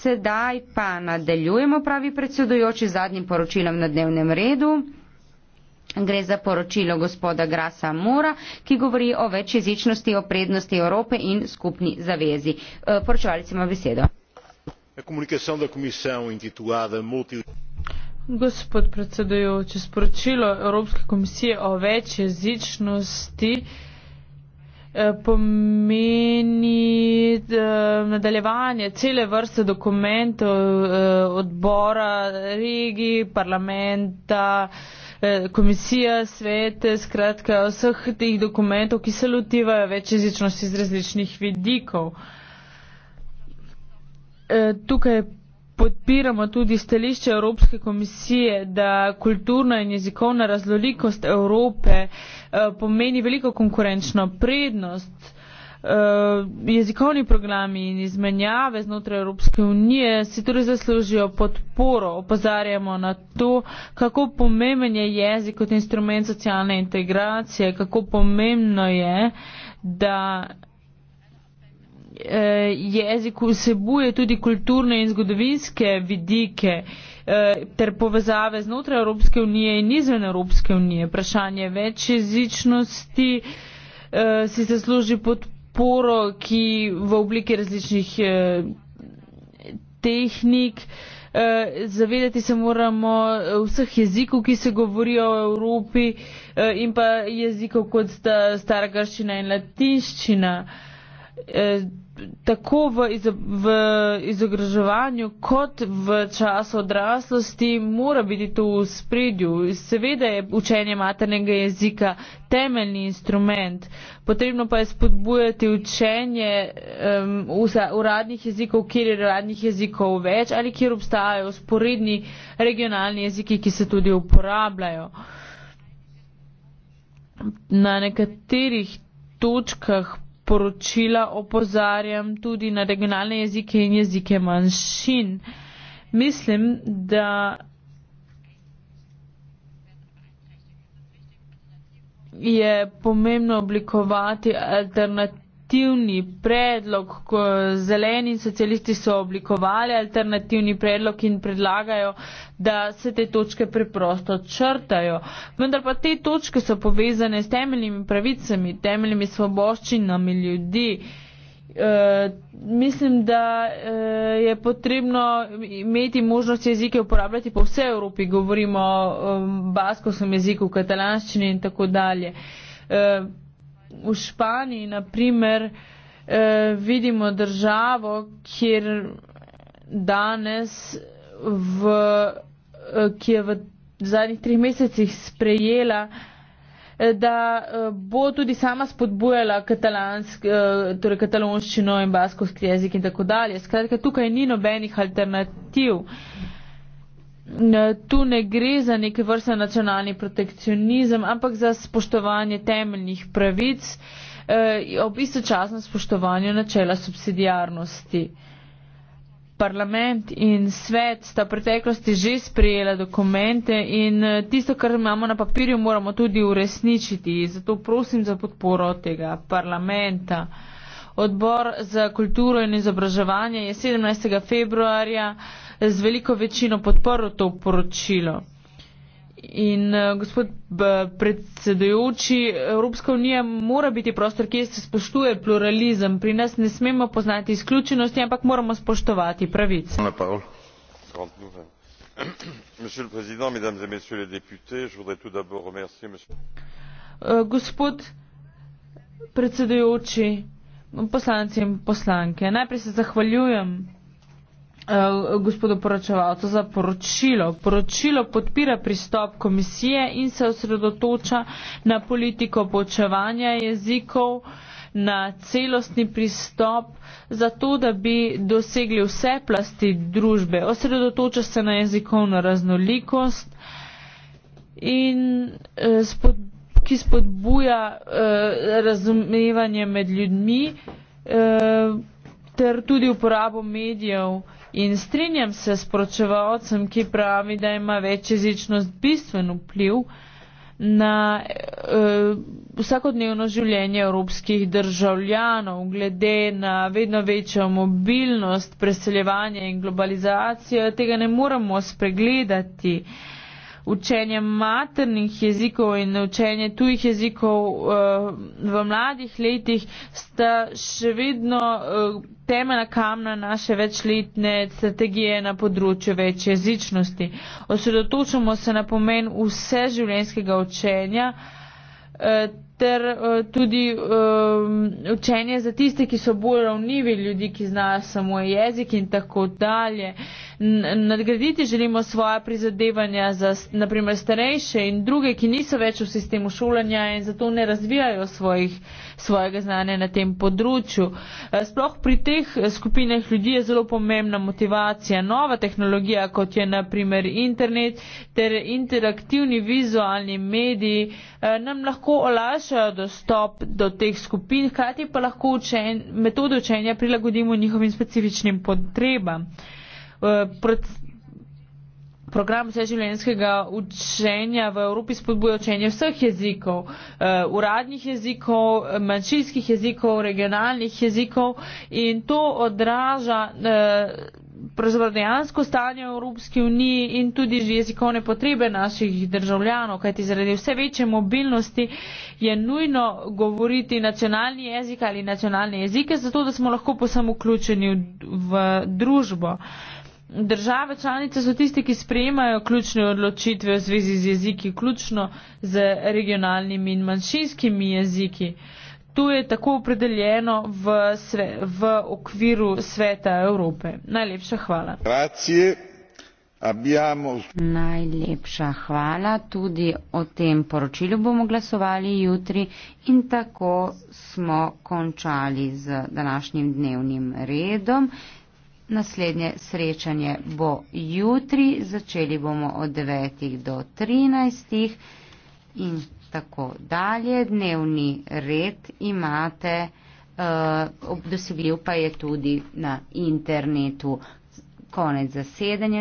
Sedaj pa nadaljujemo, pravi predsedujoči, zadnjim poročilom na dnevnem redu. Gre za poročilo gospoda Grasa Mora, ki govori o večjezičnosti, o prednosti Evrope in skupni zavezi. E, Poročevalci ima besedo. Gospod predsedujoči, sporočilo Evropske komisije o večjezičnosti e, pomeni nadaljevanje cele vrste dokumentov eh, odbora regij, parlamenta, eh, komisija, svete, skratka vseh teh dokumentov, ki se lotivajo večjezičnosti iz različnih vidikov. Eh, tukaj podpiramo tudi stališče Evropske komisije, da kulturna in jezikovna razlolikost Evrope pomeni veliko konkurenčno prednost Eh, jezikovni programi in izmenjave znotraj Evropske unije si torej zaslužijo podporo. Opozarjamo na to, kako pomemben je jezik kot instrument socialne integracije, kako pomembno je, da eh, jezik vsebuje tudi kulturne in zgodovinske vidike eh, ter povezave znotraj Evropske unije in izven Evropske unije. Vprašanje večjezičnosti si zasluži podporo podporo, ki v obliki različnih eh, tehnik. Eh, zavedati se moramo eh, vseh jezikov, ki se govorijo v Evropi in pa jezikov kot sta stara grščina in latinščina tako v, izob, v izobraževanju kot v času odraslosti mora biti to v spredju. Seveda je učenje maternega jezika temeljni instrument, potrebno pa je spodbujati učenje uradnih um, jezikov, kjer je uradnih jezikov več ali kjer obstajajo sporedni regionalni jeziki, ki se tudi uporabljajo. Na nekaterih točkah poročila opozarjam tudi na regionalne jezike in jezike manjšin. Mislim, da je pomembno oblikovati alternativne alternativni predlog, ko zeleni in socialisti so oblikovali alternativni predlog in predlagajo, da se te točke preprosto črtajo. Vendar pa te točke so povezane s temeljnimi pravicami, temeljnimi svoboščinami ljudi. E, mislim, da e, je potrebno imeti možnost jezike uporabljati po vsej Evropi, govorimo o e, baskovskem jeziku, katalanščini in tako dalje. E, v Španiji, na primer, eh, vidimo državo, kjer danes, v, eh, ki je v zadnjih treh mesecih sprejela, eh, da eh, bo tudi sama spodbujala katalansk, eh, torej katalonščino in baskovski jezik in tako dalje. Skratka, tukaj ni nobenih alternativ. Eh, Tu ne gre za neke vrste nacionalni protekcionizem, ampak za spoštovanje temeljnih pravic eh, ob istočasnem spoštovanju načela subsidijarnosti. Parlament in svet sta v preteklosti že sprejela dokumente in eh, tisto, kar imamo na papirju, moramo tudi uresničiti. Zato prosim za podporo tega parlamenta. Odbor za kulturo in izobraževanje je 17. februarja z veliko večino podporo to poročilo. In eh, gospod predsedujoči, Evropska unija mora biti prostor, kjer se spoštuje pluralizem. Pri nas ne smemo poznati izključenosti, ampak moramo spoštovati pravice. Eh, gospod predsedujoči, poslanci in poslanke, najprej se zahvaljujem Eh, gospodu poročevalcu za poročilo. Poročilo podpira pristop komisije in se osredotoča na politiko poučevanja jezikov, na celostni pristop, zato da bi dosegli vse plasti družbe. Osredotoča se na jezikovno raznolikost, in, eh, ki spodbuja eh, razumevanje med ljudmi ter tudi uporabo medijev. In strinjam se s poročevalcem, ki pravi, da ima večjezičnost bistven vpliv na uh, vsakodnevno življenje evropskih državljanov, glede na vedno večjo mobilnost, preseljevanje in globalizacijo. Tega ne moramo spregledati. Uh, učenje maternih jezikov in učenje tujih jezikov eh, v mladih letih sta še vedno eh, temeljna kamna naše večletne strategije na področju večjezičnosti. Osredotočamo se na pomen vseživljenjskega učenja. Eh, ter eh, tudi ehm, učenje za tiste, ki so bolj ravnivi ljudi, ki znajo samo jezik in tako dalje. Nadgraditi želimo svoja prizadevanja za naprimer starejše in druge, ki niso več v sistemu šolanja in zato ne razvijajo svojih, svojega znanja na tem področju. Eh, sploh pri teh eh, skupinah ljudi je zelo pomembna motivacija. Nova tehnologija, kot je naprimer internet ter interaktivni vizualni mediji, nam lahko olaš olajšajo dostop do teh skupin, hkrati pa lahko učen, metodo učenja prilagodimo njihovim specifičnim potrebam. Eh, program vseživljenjskega učenja v Evropi spodbuja učenje vseh jezikov, eh, uradnih jezikov, manjšinskih jezikov, regionalnih jezikov in to odraža eh, pravzaprav dejansko stanje v Evropski uniji in tudi že jezikovne potrebe naših državljanov, kajti zaradi vse večje mobilnosti je nujno govoriti nacionalni jezik ali nacionalne jezike, zato da smo lahko posam vključeni v, v družbo. Države članice so tiste, ki sprejemajo ključne odločitve v zvezi z jeziki, ključno z regionalnimi in manjšinskimi jeziki. Uh, To je tako opredeljeno v, sve, v okviru sveta Evrope. Najlepša hvala. Gracije. Abbiamo... Najlepša hvala. Tudi o tem poročilu bomo glasovali jutri in tako smo končali z današnjim dnevnim redom. Naslednje srečanje bo jutri, začeli bomo od 9. do 13. In... Tako dalje, dnevni red imate, uh, dosegljiv pa je tudi na internetu. Konec zasedanja.